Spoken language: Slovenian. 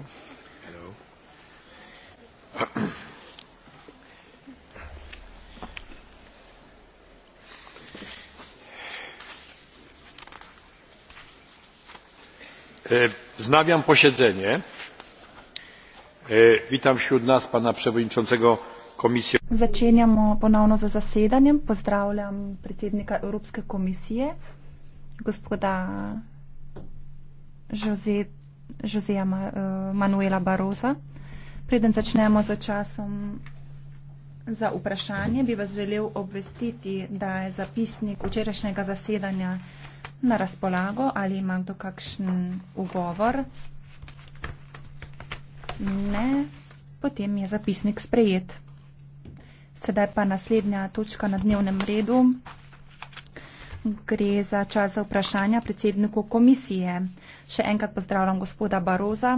Hello. E, wznawiam posiedzenie. E, witam wśród nas pana przewodniczącego komisji. Zaczynamy ponownie ze zasiedaniem. Pozdrawiam przewodnika Europejskiej Komisji, gospoda Josepa. Žozeja eh, Manuela Baroza. Preden začnemo za časom za vprašanje, bi vas želel obvestiti, da je zapisnik včerajšnjega zasedanja na razpolago ali ima kdo kakšen ugovor. Ne, potem je zapisnik sprejet. Sedaj pa naslednja točka na dnevnem redu, Gre za čas za vprašanja predsedniku komisije. Še enkrat pozdravljam gospoda Baroza.